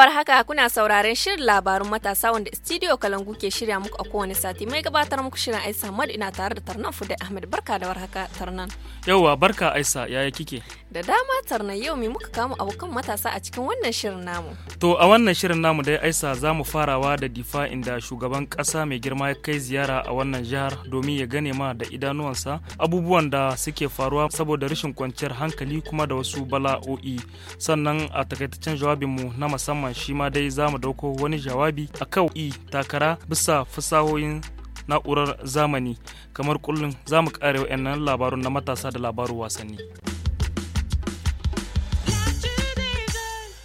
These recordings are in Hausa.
da haka kuna sauraren shirin labarun matasa wanda studio Kalangu ke shirya muku a kowane sati mai gabatar muku shirin Aisa mad ina tare da Tarnan fudai Ahmed barka da warhaka Tarnan. Yauwa barka Aisa yaya kike? Da dama Tarnan yau me muka kamo abokan matasa a cikin wannan shirin namu. To a wannan shirin namu dai Aisa za mu farawa da difa inda shugaban kasa mai girma ya kai ziyara a wannan jihar domin ya gane ma da idanuwansa abubuwan da suke faruwa saboda rashin kwanciyar hankali kuma da wasu bala'o'i sannan a takaitaccen mu na musamman musamman shi ma dai za mu dauko wani jawabi a kawai takara bisa fasahohin na'urar zamani kamar kullum za mu kare wa'annan labarun na matasa da labarun wasanni.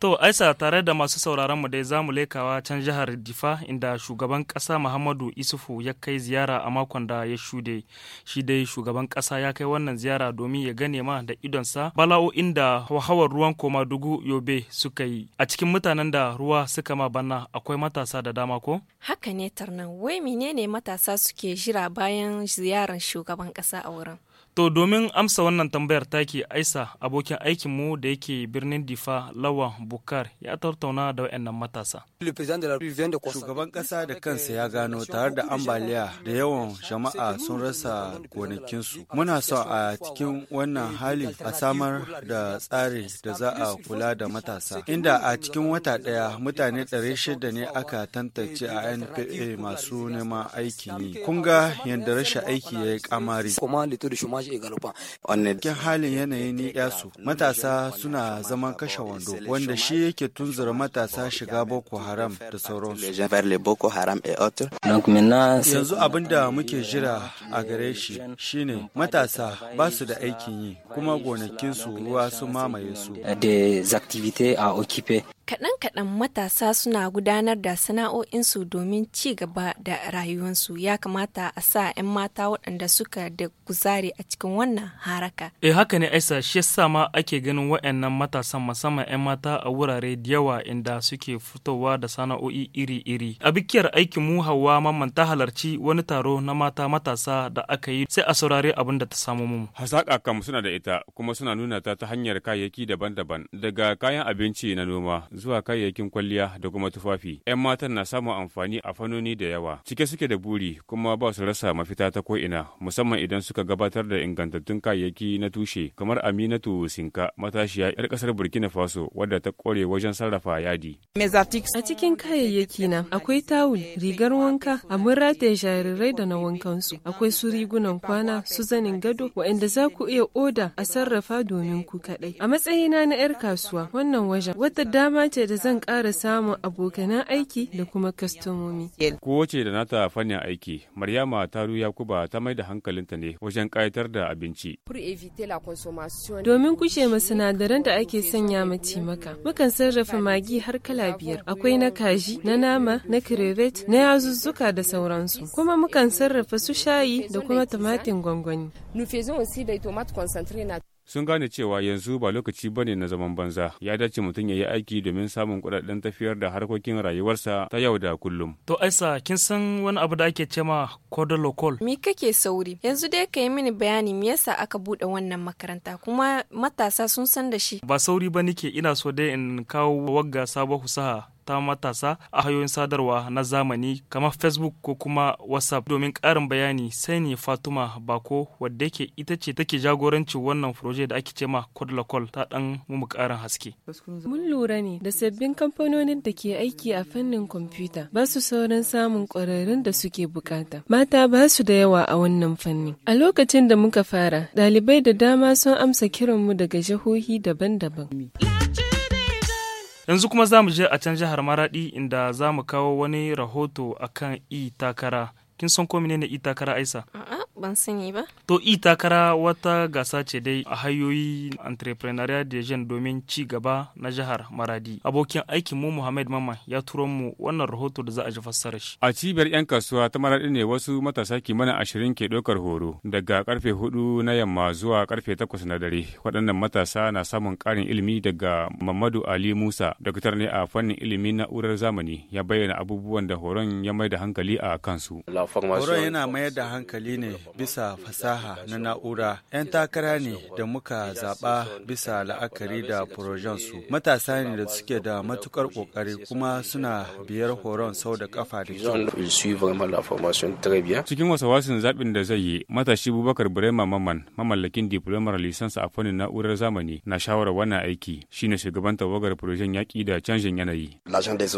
To Aisa tare da masu sauraron mu dai zamu lekawa can jihar Difa inda shugaban kasa Muhammadu Isufu ya kai ziyara a makon da ya shude. Shi dai shugaban kasa ya kai wannan ziyara domin ya gane ma da idonsa bala'o'in da hawar ruwan koma dugu yobe suka yi. A cikin mutanen da ruwa suka ma banna akwai matasa da dama ko? Haka ne tarnan wai menene matasa suke jira bayan ziyarar shugaban kasa a wurin? To domin amsa wannan tambayar taki Aisa abokin aikinmu da yake birnin Difa lawa Bukar ya tattauna da wayannan matasa. Shugaban ƙasa da kansa ya gano tare da ambaliya da yawan jama'a sun rasa gonakinsu. Muna so a cikin wannan hali a samar da tsari da za a kula da matasa. Inda a cikin wata ɗaya mutane ɗari shida ne aka tantance a NPA masu neman aikin yi. Kun ga yadda rashin aiki ya yi kamari. Cikin halin yanayi ni yasu matasa suna zaman kashe wando wanda shi yake tunzura matasa shiga Boko Haram da sauransu. Yanzu abin da muke jira euh, a gare shi shine matasa ba su da aikin yi kuma gonakinsu ruwa su mamaye su. kaɗan-kaɗan matasa suna gudanar da sana'o'insu domin ci gaba da rayuwarsu ya kamata a sa 'yan mata waɗanda suka da kuzari a cikin wannan haraka. Eh haka ne Aisa shi yasa ma ake ganin waɗannan matasan musamman 'yan mata a wurare da yawa inda suke fitowa da sana'o'i iri-iri. A bikiyar aikin mu Hauwa Mamman ta halarci wani taro na mata matasa da aka yi sai a saurari abin da ta samu mu. hasaka kam suna da ita kuma suna nuna ta ta hanyar kayayyaki daban-daban daga kayan abinci na noma zuwa kayayyakin kwalliya da kuma tufafi. 'Yan matan na samun amfani a fannoni da yawa. Cike suke da buri kuma ba su rasa mafita ta ko'ina musamman idan suka gabatar da ingantattun kayayyaki na tushe kamar Aminatu Sinka matashiya 'yar kasar Burkina Faso wadda ta kore wajen sarrafa yadi. A cikin kayayyaki na akwai tawul, rigar wanka, a abin rataye jarirai da na wankansu. Akwai su rigunan kwana, su zanin gado waɗanda za ku iya oda a sarrafa domin ku kaɗai. A matsayina na 'yar kasuwa wannan wajen wata dama ce da zan ƙara samun abokanan aiki da kuma kastomomi. Kowace da nata fannin aiki, Maryama Taru Yakuba ta mai da hankalinta ne wajen ƙayatar da abinci. Domin kushe ma sinadaran da ake sanya ma maka, mukan sarrafa magi har kala biyar. Akwai na kaji, na nama, na kirevet na yazuzzuka da sauransu. Kuma mukan sarrafa su shayi da kuma tumatin gwangwani. sun gane cewa yanzu ba lokaci ba ne na zaman banza ya dace mutum ya yi aiki domin samun kudaden tafiyar da harkokin rayuwarsa ta yau da kullum. To Aisa kin san wani abu da ake cema kodolokol. mi kake sauri? Yanzu dai ka yi mini bayani me yasa aka buɗe wannan makaranta kuma matasa sun san da shi. Ba sauri ba nike ina so dai in kawo wagga sabon fusaha. ta matasa a hanyoyin sadarwa na zamani kamar facebook ko kuma whatsapp domin ƙarin bayani sai ne fatuma bako wadda ke ita ce take jagorancin wannan furoje da ake cema kodlakol ta ɗan mu ƙarin haske mun lura ne da sabbin kamfanonin da ke aiki a fannin kwamfuta ba su sauran samun kwararrun da suke bukata mata ba su da yawa a wannan fannin a lokacin da muka fara ɗalibai da dama sun amsa kiranmu daga jihohi daban-daban yanzu kuma za mu je a can jihar maradi inda za mu kawo wani rahoto akan i e takara kin san ko menene itakara aisa ban sani ba to itakara wata gasa ce dai a hanyoyi entrepreneurial de jeune domin ci gaba na jihar maradi abokin aikin mu muhammad mama ya turo mu wannan rahoto da za a ji fassara shi a cibiyar yan kasuwa ta maradi ne wasu matasa kimanin ashirin ke ɗaukar horo daga karfe hudu na yamma zuwa karfe takwas na dare waɗannan matasa na samun ƙarin ilimi daga mamadu ali musa daktar ne a fannin ilimin na'urar zamani ya bayyana abubuwan da horon ya mai da hankali a kansu horon yana mayar da hankali ne bisa fasaha na na'ura 'yan takara ne da muka zaɓa bisa la'akari da su matasa ne da suke da matukar ƙoƙari kuma suna biyar horon sau da kafa da kyau cikin wasawasin zaɓin da zai yi matashi bubakar birema maman mamallakin diplomar lisansa a fannin na'urar zamani na shawarar wannan aiki shine shugaban tawagar projen yaƙi da canjin yanayi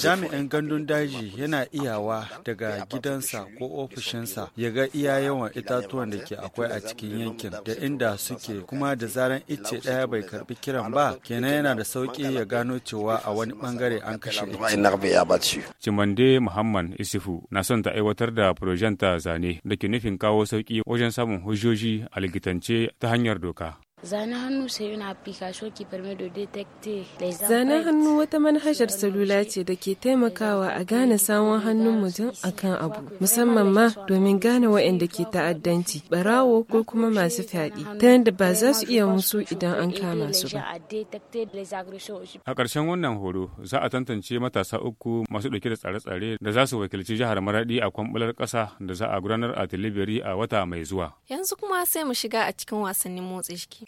jami'in gandun daji yana iyawa daga gidansa ko ofishinsa ya ga iya yawan itatuwan da ke akwai a cikin yankin da inda suke kuma da zaran ice ɗaya bai karbi kiran ba kenan yana da sauki ya gano cewa a wani bangare an kashe Cimande Muhammad Isifu na son ta aiwatar da projenta zane da ke nufin kawo sauki wajen samun hujjoji a likitance ta hanyar doka. zane hannu wata manhajar salula ce da ke taimakawa a gane sawon hannun mutum akan abu musamman ma domin gane waɗanda ke ta'addanci barawo ko kuma masu fyaɗe ta yadda ba za su iya musu idan an kama su ba. A ƙarshen wannan horo za a tantance matasa uku masu ɗauke da tsare-tsare da za su wakilci jihar Maradi a kwambular ƙasa da za a gudanar a Tilibiri a wata mai zuwa. Yanzu kuma sai mu shiga a cikin wasannin motsa jiki.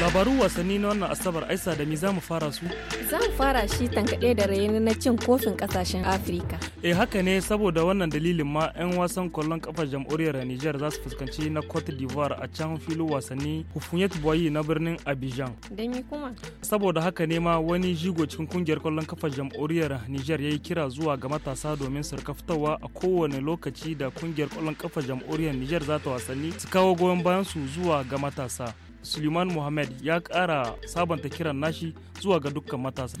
labarun wasanni na wannan asabar aisa da mi za mu fara su za mu fara shi tankaɗe da raye na cin kofin ƙasashen afirka eh haka ne saboda wannan dalilin ma 'yan wasan kwallon kafa jamhuriyar niger za su fuskanci na cote d'ivoire a can filin wasanni hufunyet boyi na birnin abidjan dan yi kuma saboda haka ne ma wani jigo cikin kungiyar kwallon kafa jamhuriyar niger ya yi kira zuwa ga matasa domin su fitowa a kowane lokaci da kungiyar kwallon kafa jamhuriyar niger za ta wasanni su kawo goyon bayan su zuwa ga matasa Suleiman Mohamed ya kara sabanta kiran nashi zuwa ga dukkan matasa.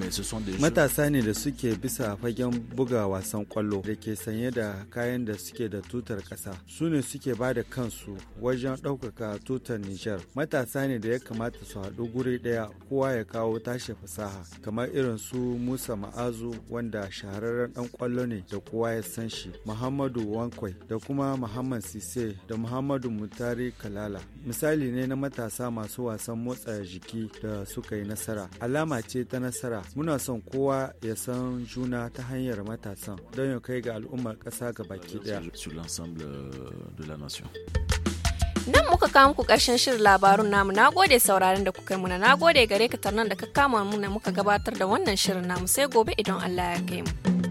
Matasa ne da suke bisa fagen buga wasan kwallo da ke sanye da kayan da suke da tutar ƙasa. Su ne suke ba da kansu wajen ɗaukaka tutar Nijar. Matasa ne da ya kamata su haɗu guri ɗaya kowa ya kawo tashi fasaha kamar irin su Musa Ma'azu wanda shahararren ɗan kwallo ne da kowa ya san shi. Muhammadu Wankwai da kuma Muhammad Sise da Muhammadu Mutari Kalala. Misali ne na matasa masu wasan motsa jiki da suka yi nasara alama ce ta nasara muna son kowa ya san juna ta hanyar matasan don ya kai ga al'ummar ƙasa ga baki daya euh, nan muka kawo muku karshen shirin labarun namu na gode sauraron da kuka muna na gode gare ka tarnan da ka kama muna muka gabatar da wannan shirin namu sai gobe idan allah ya kai mu